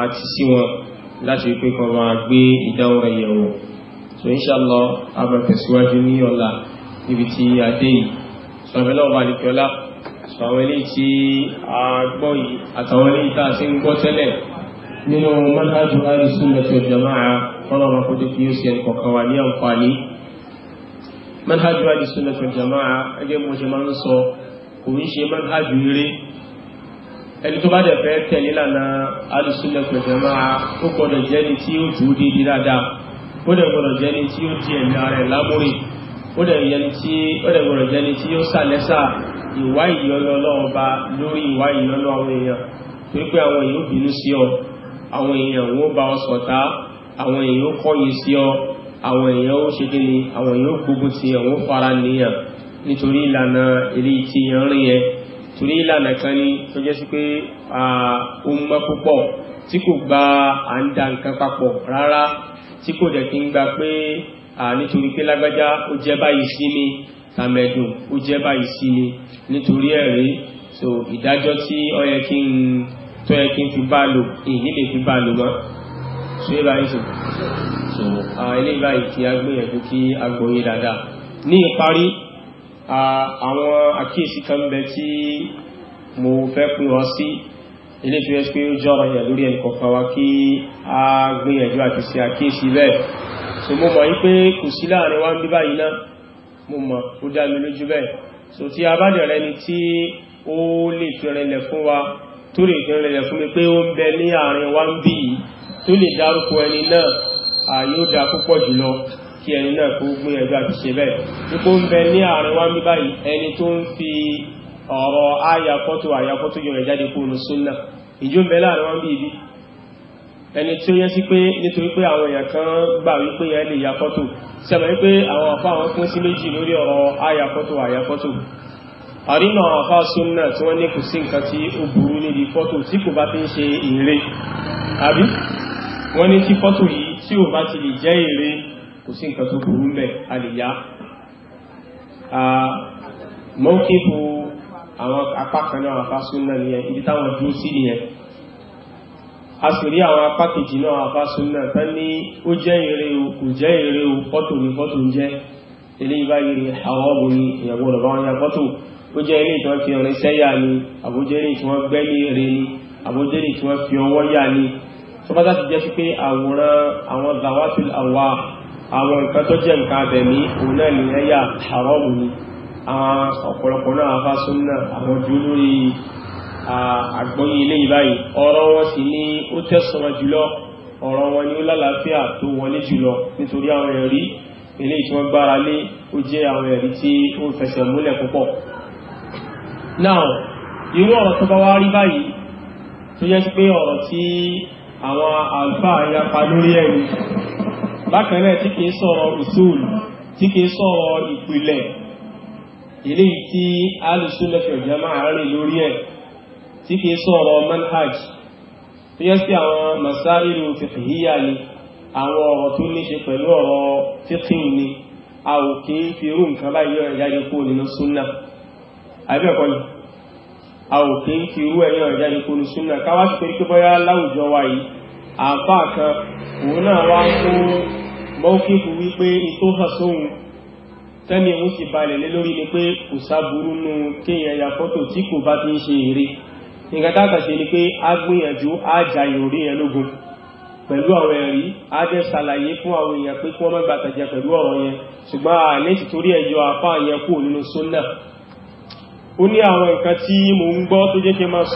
Speaker 1: a ti sí wọn láti pé kan máa gbé ìdáhùn rẹ̀ yẹ̀wò so inshallah a máa tẹ̀síwájú ní ọ̀la níbi tí a dé yìí sọ̀rọ̀lọ́wà nìkọ́lá sọ̀rọ̀ ilé tí a gbọ́ yìí àtàwọn ilé ìta sí ń gbọ́ tẹ́lẹ̀ nínú manhajj al-sunnah wal jama'a fọ́nàmà kó dékì yóò sí ẹni kọ̀kan wà ní àǹfààní manhajj al-sunnah wal jama'a ẹgbẹ́ mo ṣe máa ń sọ kò ń ṣe manhajj rí ẹni tó bá dẹ̀ fẹ́ tẹ̀lé lànà al-sunnah wal jama'a ó gbọ́dọ̀ jẹ́ni tí ó jù ú déédéé dáadáa ó dẹ̀ gbọ́dọ̀ jẹ́ni tí ó di ẹ̀mí ara ẹ̀ lámúrin ó dẹ̀ yẹni tí ó dẹ̀ gbọ́dọ̀ jẹni tí ó sàlẹ́sà ìwá ìyọnu ọlọ́run ba lórí ìwá ìyọnu àwọn èèyàn torí pé àwọn èèyàn bínú sí ọ àwọn èèyàn wọ́n bá ọ ṣọ̀tá àwọn èèyàn kọ̀yìn sí ọ àwọn èèyàn ó ṣe kí ni àwọn èèyàn gbógun ti àwọn fara nìyàn nítorí ìlànà èlé tí yẹn rìn yẹn torí ìlànà kan ni tó jẹ́ sí pé ó mọ́ púpọ̀ tí kò gba à ń da nǹkan papọ̀ rárá tí kò dẹ̀ kí ń gba pé nítorí pé lágbájá ó jẹ́ báyìí sí mi tàmẹ̀dùn ó jẹ́ báyìí sí mi nítorí ẹ̀rí so ìdájọ́ tí ó yẹ kí n tó yẹ kí n fi bá lò èyí lè fi bá lò mọ́ so yẹ báyìí sí so ilé báyìí kí a gbìyànjú kí a gbòye dáadáa ní ìparí àwọn àkíyèsí kan bẹ tí mo fẹ́ pè wá sí ilé tó yẹ pé ó jọ́rọ̀ yẹ̀ lórí ẹnìkọ̀ọ̀kan wa kí a gbìyànjú àti ṣe àkíyèsí bẹ́ẹ̀ so mo mọ̀ wípé kò sí láàrin wá ń bí báyìí náà mo mọ̀ ó dá mi lójú bẹ́ẹ̀ so tí a bá dẹ̀rẹ́ ni tí ó lè fi rẹlẹ̀ fún wa tó lè fi rẹlẹ̀ fún mi pé ó ń bẹ ní àárín wá ń bí yìí tó lè dárúkọ ẹni náà àyó dá púpọ̀ jùlọ kí ẹni náà kó gbìyànjú àti ṣe bẹ́ẹ̀ wípé ó ń bẹ ní àárín wá ń bí báyìí ẹni tó ń fi ọ̀rọ̀ ayakọ́tò ayakọ́tò yọrẹ̀ jáde kúrò ní súnnà ìjó ń bẹ láàrin wá ń bí ibi ẹni tí ó yẹ sí pé nítorí pé àwọn èèyàn kan gbà wípé yẹn lè ya fọ́tò sí àmà wípé àwọn àfá àwọn pín sí méjì lórí ọ̀rọ̀ ayafọ́tò ayafọ́tò àrínà àwọn àfá súnnà tí wọ́n ní kò sí nǹkan tí ó burú níbi fọ́tò tí kò bá fi ń ṣe ère àbí wọ́n ní tí fọ́tò yìí tí ò bá ti lè jẹ́ ère kò sí nǹkan tó burú mẹ́ a lè yá mọ́kífù àwọn apá kan náà àfá súnnà nìyẹn ibi táwọn dúró sí nìyẹn aṣòrí àwọn apákejì náà àfásun náà tán ní ó jẹ́ èrè o kò jẹ́ èrè o fọ́tò ní fọ́tò ń jẹ́ ilé ìbáyìí rẹ̀ àwọn ọmọbìnrin ìyàwó ọ̀rọ̀ wọn ya fọ́tò ó jẹ́ ilé ìtàn fi ọ̀rẹ́ sẹ́yà ni àbójẹ́rì tí wọ́n gbẹ́ ní èrè ni àbójẹ́rì tí wọ́n fi ọwọ́ yà ni tó bá láti jẹ́ sí pé àwòrán àwọn zawatul awa àwọn nǹkan tó jẹ́ nǹkan abẹ̀mí òun náà nìyẹn yà àrọ́ọ̀mù ni àwọn ọ̀pọ̀lọpọ̀ náà afásún náà àwọn dúró lórí àgbọ́yé eléyìí báyìí ọ̀rọ̀ wọn sì ni ó tẹ̀sọ̀rọ̀ jùlọ ọ̀rọ̀ wọn ni ó lálàáfíà tó wọlé jùlọ nítorí àwọn ẹ̀rí eléyìí tí wọ́n gbára lé ó jẹ́ àwọn ẹ̀rí tí ó ń fẹsẹ̀ múlẹ̀ púpọ̀ náà irú usul tí kìí sọ̀rọ̀ ìpìlẹ̀ eléyìí tí alùsùn lẹ́fẹ̀ẹ́ jẹ́ máa rí lórí ẹ̀ tí kìí sọ̀rọ̀ manhaj tó yẹ sí àwọn masáìlú fiqhiyya ni àwọn ọ̀rọ̀ tó ní ṣe pẹ̀lú ọ̀rọ̀ fiqhin ni a ò kí ń fi irú nǹkan báyìí yọ ìjáde kó nínú súnà àbẹ́ẹ̀kọ́ ni a ò kí ń fi irú ẹ̀yọ ìjáde kó nínú súnà káwá sí pé bọ́yá láwùjọ wa yìí àǹfà kan òun náà wá kó mọ́kíkù wípé ìtó hàn sóhun tẹ́ni òun ti balẹ̀ lé lórí ni pé kò sáburú nú kéèyàn ya fọ́tò tí kò bá ti ń ṣe èrè nǹkan táàkà ṣe ni pé a gbìyànjú a jà ìròrí yẹn lógun pẹ̀lú àwọn ẹ̀rí a dẹ̀ ṣàlàyé fún àwọn èèyàn pé kí wọ́n má gbàtàjẹ pẹ̀lú ọ̀rọ̀ yẹn ṣùgbọ́n a lè ti torí ẹ̀yọ apá yẹn kú nínú súnnà ó ní àwọn nǹkan tí mo ń gbọ́ tó jẹ́ kí n máa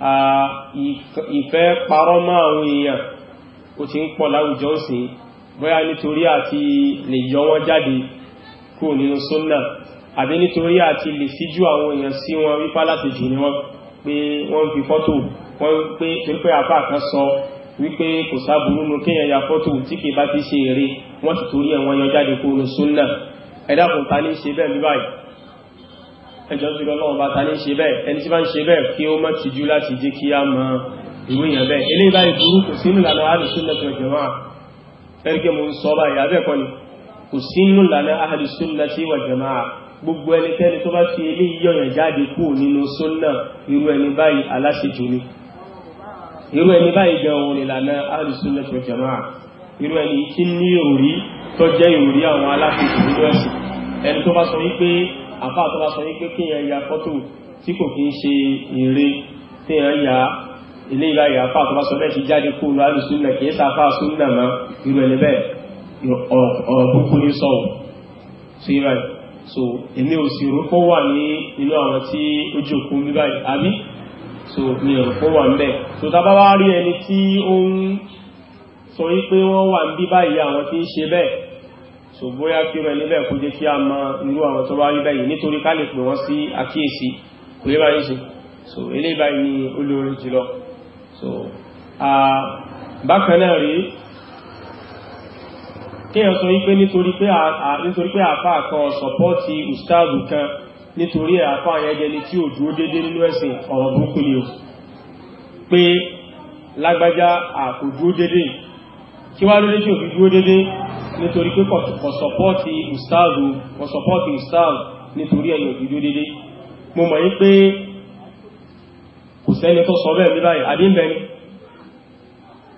Speaker 1: ìfẹ́ parọ́ mọ́ àwọn èèyàn ó ti ń pọ̀ láwùjọ sí bóyá nítorí àti lè yọ wọ́n jáde kú nínú súnnà àbí nítorí àti lè síjú àwọn èèyàn sí wọn wípá láti jù ní wọn pé wọ́n fi fọ́tò wọ́n pé torípé apá kan sọ wípé kò sáàbùrú nù kéèyàn ya fọ́tò tí kì bá ti ṣe èrè wọ́n ti torí ẹ̀wọ̀n yan jáde kú nínú súnnà ẹ̀dàkùn ta ní ṣe bẹ́ẹ̀ bíbáyìí ẹjọ́ jùlọ lọ́wọ́ bá ta ní ṣe bẹ́ẹ̀ ẹni tí bá ń ṣe bẹ́ẹ̀ kí ó mọ́ tìjú láti jẹ́ kí a mọ ìwé yẹn bẹ́ẹ̀ eléyìí báyìí burú kò sínú lànà ahlu sunnah wal jamaa ẹ̀ríkẹ́ mo ń sọ báyìí abẹ́ kọ́ni kò sínú lànà ahlu sunnah wal jamaa gbogbo ẹnikẹ́ni tó bá fi eléyìí yọ̀yàn jáde kú nínú sunna irú ẹni báyìí aláṣejù ni irú ẹni báyìí gan òun ni lànà ahlu sunnah irú ẹni tí ní òrí tó jẹ́ òrí àwọn aláṣejù nínú ẹ̀sìn ẹni tó bá sọ wípé àfá tó bá sọ yí pé kí ẹ ya fọ́tò tí kò kí ń ṣe ère tí ẹ ya ilé ìbáyà àfá tó bá sọ bẹ́ẹ̀ ti jáde kú lọ alùsùnà kìí sáfà súnà má irú ẹni bẹ́ẹ̀ ọ̀rọ̀ púpù ní sọ̀rọ̀ sí ra so èmi ò sì rò kó wà ní inú àwọn tí ó jòkó ní báyìí àbí so mi ò rò kó wà ń so tá bá wá rí ẹni tí ó ń sọ yí pé wọ́n wà ń bí àwọn tí ń ṣe bẹ́ẹ̀ so bóyá kí rẹ̀ níbẹ̀ kó jẹ́ kí a mọ irú àwọn tó bá rí báyìí nítorí ká lè pè wọ́n sí àkíyèsí kò lè báyìí sí so ilé báyìí ni ó jùlọ so bákan náà rí kéèyàn sọ wípé nítorí pé àfá kan sọpọ́ọ̀tì ustazu kan nítorí àfá àyẹ́jẹ́ ní tí ò dúró déédéé nínú ẹ̀sìn ọ̀rọ̀ burúkú ni o pé lágbájá àkójú déédéé kí wá lórí tí ò fi dúró déédéé nítorí pé kò sọpọ́ọ̀tì ustaazu kò sọpọ́ọ̀tì ustaazu nítorí ẹ̀yìn òdúdú dédé mo mọ̀ yí pé kò sẹ́ni tó sọ bẹ́ẹ̀ bíbáyìí àdínbẹ̀ni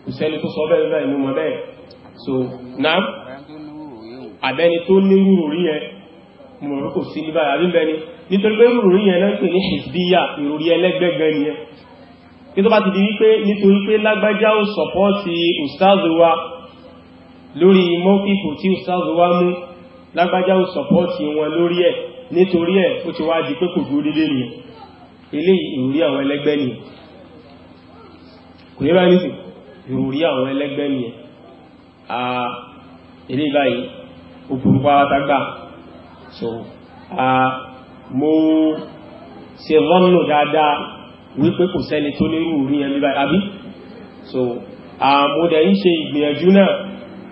Speaker 1: kò sẹ́ni tó sọ bẹ́ẹ̀ bíbáyìí mo mọ̀ bẹ́ẹ̀ so na, àbẹ́ni tó ní rúrò rí yẹn mo rò kò sí bíbáyìí àdínbẹ̀ni nítorí pé rúrò rí yẹn náà pè ní hizbiya ìròrí ẹlẹ́gbẹ̀gbẹ̀ nìyẹn kí tó bá wa lórí mọ́kífù tí ustaz wá mú lágbájá ò sọ̀pọ́ọ̀tì wọn lórí ẹ̀ nítorí ẹ̀ ó ti wá di pé kò dúró dédé nìyẹn eléyìí ìròrí àwọn ẹlẹ́gbẹ́ nìyẹn kò yẹ bá nìsìn àwọn ẹlẹ́gbẹ́ nìyẹn a ilé báyìí ó burú so a mo ṣe rọ́nù dáadáa wípé kò sẹ́ni tó nírú rí ẹni báyìí àbí so a mo dẹ̀ ń ṣe ìgbìyànjú náà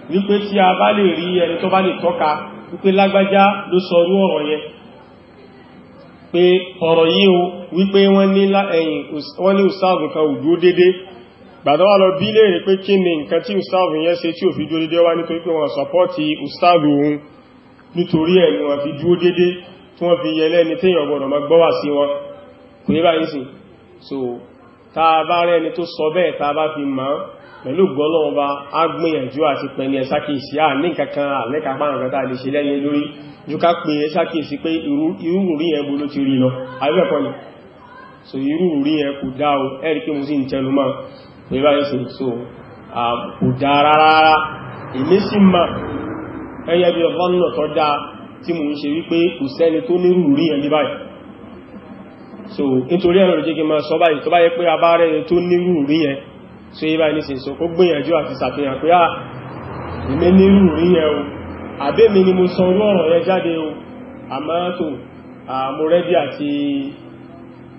Speaker 1: wípé tí a bá lè rí ẹni tó bá lè tọ́ka wípé lágbájá ló sọ orú ọ̀rọ̀ yẹn pé ọ̀rọ̀ yìí o wípé wọ́n ní ustaz kan ò dédé gbàdọ́wà lọ bí léèrè pé kí ni nǹkan tí ustaz yẹn ṣe tí ò fi dúó dédé wá nítorí pé wọ́n ni wọ́n fi dúó dédé tí wọ́n fi ni téèyàn gbọ́dọ̀ máa sọ bẹ́ẹ̀ pẹ̀lú gọ́lọ́wọ́ bá a gbìyànjú àti pẹ̀lú ẹ̀sákìsí à ní kankan àlẹ́ka pàrànkátà lè ṣe lẹ́yìn lórí jùká pé ẹ̀sákìsí pé irú rí so irú rí ẹ̀ kò dá o ẹ̀rí so kò dá rárá èmi sì mọ́ ẹyẹ bí ọgbọ́n náà tọ́ dá tí mo ń ṣe wípé kò sẹ́ni tó nírú rí ẹ̀ máa sọ báyìí tó bá yẹ pé abárẹ́ tó nírú rí yẹn so yíba ní sin so kó gbìyànjú àti sàfihàn pé à ah, ìmé nírú rí yẹn o àbẹ́mi ni mo sọ orú ọ̀rọ̀ yẹn jáde o àmọ́ tó àmú rẹ́dí àti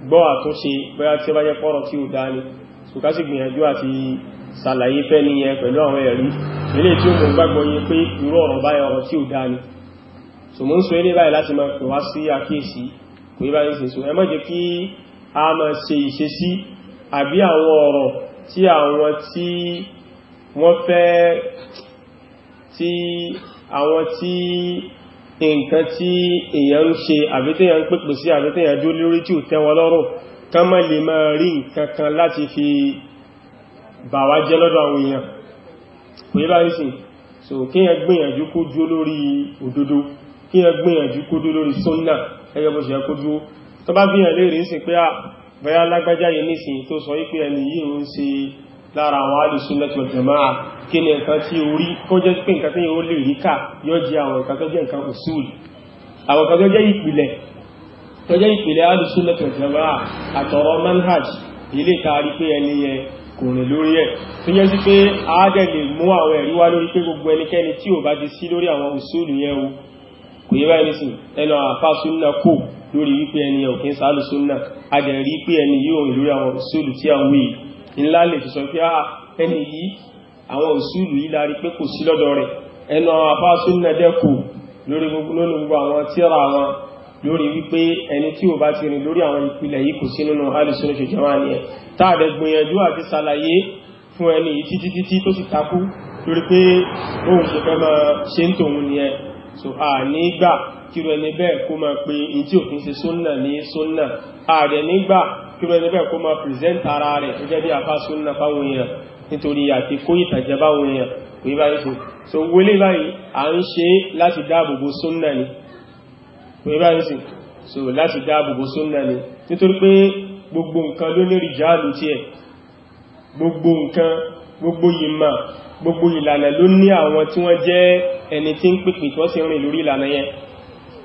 Speaker 1: gbọ́ àtúnṣe bóyá tí ó bá jẹ́ pọ́rọ̀ tí ó dá ní so ká sì gbìyànjú àti sàlàyé fẹ́ nìyẹn pẹ̀lú àwọn ẹ̀rí ilé tí ó mọ̀ gbàgbọ́ yẹ pé irú ọ̀rọ̀ báyẹ̀ ọ̀rọ̀ tí ó dá ní so ń sọ ilé báyìí láti máa pè wá sí àkíyèsí kò yíba ní sin so ẹ má jẹ́ kí a máa ṣe ìṣesí àbí àwọn ọ̀rọ̀ tí àwọn tí wọ́n fẹ́ tí àwọn tí nǹkan tí èyàn ń ṣe àbítẹ́yàn pèpè sí àbítẹ́yàn jó lórí tí ò tẹ́wọn lọ́rùn kán mọ́ lè máa rí nǹkan kan láti fi bà wá jẹ́ lọ́dọ̀ àwọn èèyàn kò yí bá rí sí so kíyàn gbìyànjú kó dúó lórí òdodo kíyàn gbìyànjú kó dúó lórí sunna ẹgbẹ́ bó ṣe kó dúó tó bá gbìyànjú lè rí sí pé bẹ́yà lágbájá yìí nísìnyí tó sọ wípé ẹni yìí ń ṣe lára àwọn alùsùnlẹ̀ tó jẹmáà kí ni nǹkan tí orí kó jẹ́ pé nǹkan tí ó lè rí ká yóò jẹ́ àwọn nǹkan tó jẹ́ nǹkan usul àwọn nǹkan tó jẹ́ ìpìlẹ̀ tó jẹ́ ìpìlẹ̀ alùsùnlẹ̀ tó jẹmáà àtọ̀rọ̀ manhaj ilé ìtaari pé ẹni yẹn kò rìn lórí ẹ̀ tó jẹ́ sí pé àádẹ́ lè lórí wípé ẹni ọ̀kín sáàlù súnnà agẹ̀rí pé ẹni yóò rìn àwọn òṣèlú tí a ń wí ńlá lè fi sọ pé ah, ẹni yìí àwọn òṣèlú yìí lárí pé kò sí lọ́dọ̀ rẹ̀ ẹnu àwọn afá súnnà dẹ́kù lórí gbogbo àwọn tíra wọn lórí wípé ẹni tí ò bá ti rìn lórí àwọn ìpìlẹ̀ yìí kò sí nínú alìsúnà ṣe jẹmọ́ ni ẹ̀ táàdẹ̀ gbìyànjú àti ṣàlàyé fún ẹni yìí títí títí tó sì takú lórí pé òun ṣe fẹ́ máa ṣe ń tòun ni ẹ̀ so a nígbà kíru ẹni bẹ́ẹ̀ kó máa pe in tí òfin ṣe súnnà ní súnnà a rẹ̀ nígbà kíru ẹni bẹ́ẹ̀ kó máa present ara rẹ̀ gẹ́gẹ́ bí afá súnnà fáwọn èèyàn nítorí àti kó ìtàjẹ báwọn èèyàn kò yí báyìí fún so wọlé báyìí à ń ṣe láti dáàbòbò súnnà ni kò yí báyìí sí so láti dáàbòbò súnnà ni nítorí pé gbogbo nǹkan ló ní rìjáàlù tiẹ̀ gbogbo nǹkan gbogbo yìí gbogbo ìlànà ló ní àwọn tí wọ́n jẹ́ ẹni tí ń pèpè tí wọ́n sì rìn lórí ìlànà yẹn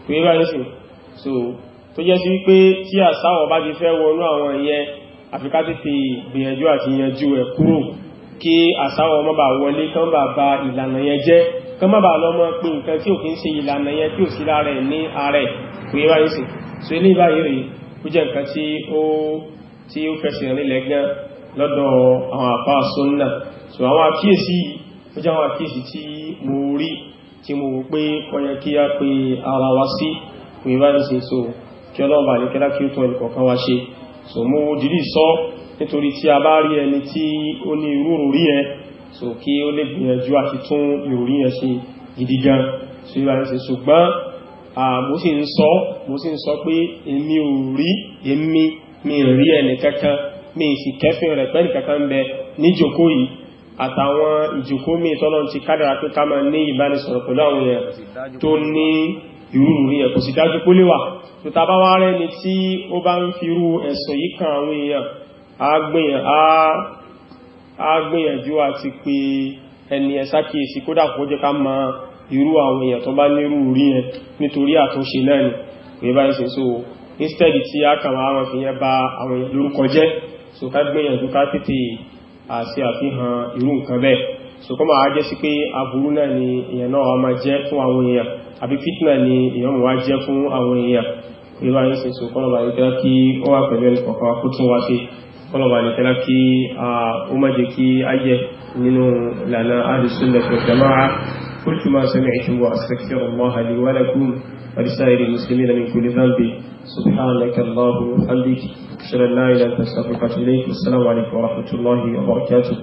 Speaker 1: pé báyìí sì so tó jẹ́ sí wípé tí àsáwọ̀ bá ti fẹ́ wọnú àwọn ìyẹn àfikà tètè gbìyànjú àti yanjú ẹ̀ kúrò kí àsáwọ̀ má bà wọlé kán bà bà ìlànà yẹn jẹ́ kán má bà lọ́mọ pé nǹkan tí ò ṣe ìlànà yẹn tí ò sí lára ẹ̀ ní ara pé báyìí sì so ilé báyìí rèé ó jẹ́ nǹkan tí ó tí ó fẹsẹ̀ rinlẹ̀ gan lọ́dọ̀ àwọn àpá sọ́nà so àwọn àkíyèsí ó jẹ́ àwọn àkíyèsí tí mo rí tí mo wò pé ọyẹ kí a pè ara wa sí ìrìnbáyìí so kí ọlọ́ọ̀bà ní kẹ́lá kí ó tún ẹnì kọ̀ọ̀kan wa ṣe so mo dìdí sọ nítorí tí a bá rí ẹni tí ó ní irú rí ẹ so kí ó lè gbìyànjú àti tún ìròrí ẹ ṣe gidi gan so ìrìnbáyìí ṣùgbọ́n mo sì ń sọ mo sì ń sọ pé èmi ò rí èmi mi rí ẹnì kankan mi sì kẹfìn rẹ̀ pẹ́ẹ́nì kankan bẹ níjókòó yìí àtàwọn ìjòkómi tọ́lọ̀ ti kádàrà pé ká máa ní ìbánisọ̀rọ̀ pẹ̀lú àwọn èèyàn tó ní ìrúrù rí ẹ̀kù sí dájú kó léwà tó tàbá wá rẹ̀ ni tí ó bá ń fi irú ẹ̀sùn yìí kan àwọn èèyàn á gbìyànjú àti pé ẹni ẹ̀sá kìí kódà kó jẹ́ ká mọ instead tí a kàn máa wọn ba àwọn èèyàn lórúkọ jẹ́ so àti àfihàn irú nǹkan bẹ́ẹ̀ so kọ́ máa sí pé aburú náà ni èèyàn náà wá máa jẹ́ fún àwọn èèyàn àbí fitna ni èèyàn wá jẹ́ fún àwọn èèyàn ìlú ayé sí so kọ́lọ̀bà ní tẹ́lá kí ó wà pẹ̀lú ẹni kọ̀ọ̀kan kó tún wá sí kọ́lọ̀bà ní tẹ́lá kí ó má jẹ́ kí ayẹ nínú ìlànà àdìsúnlẹ̀ pẹ̀lú jama'a قلت ما سمعت وأستغفر الله لي ولكم ولسائر المسلمين من كل ذنب سبحانك اللهم وبحمدك أشهد أن لا إله إلا أنت أستغفرك إليك والسلام عليكم ورحمة الله وبركاته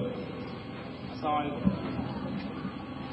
Speaker 1: السلام عليكم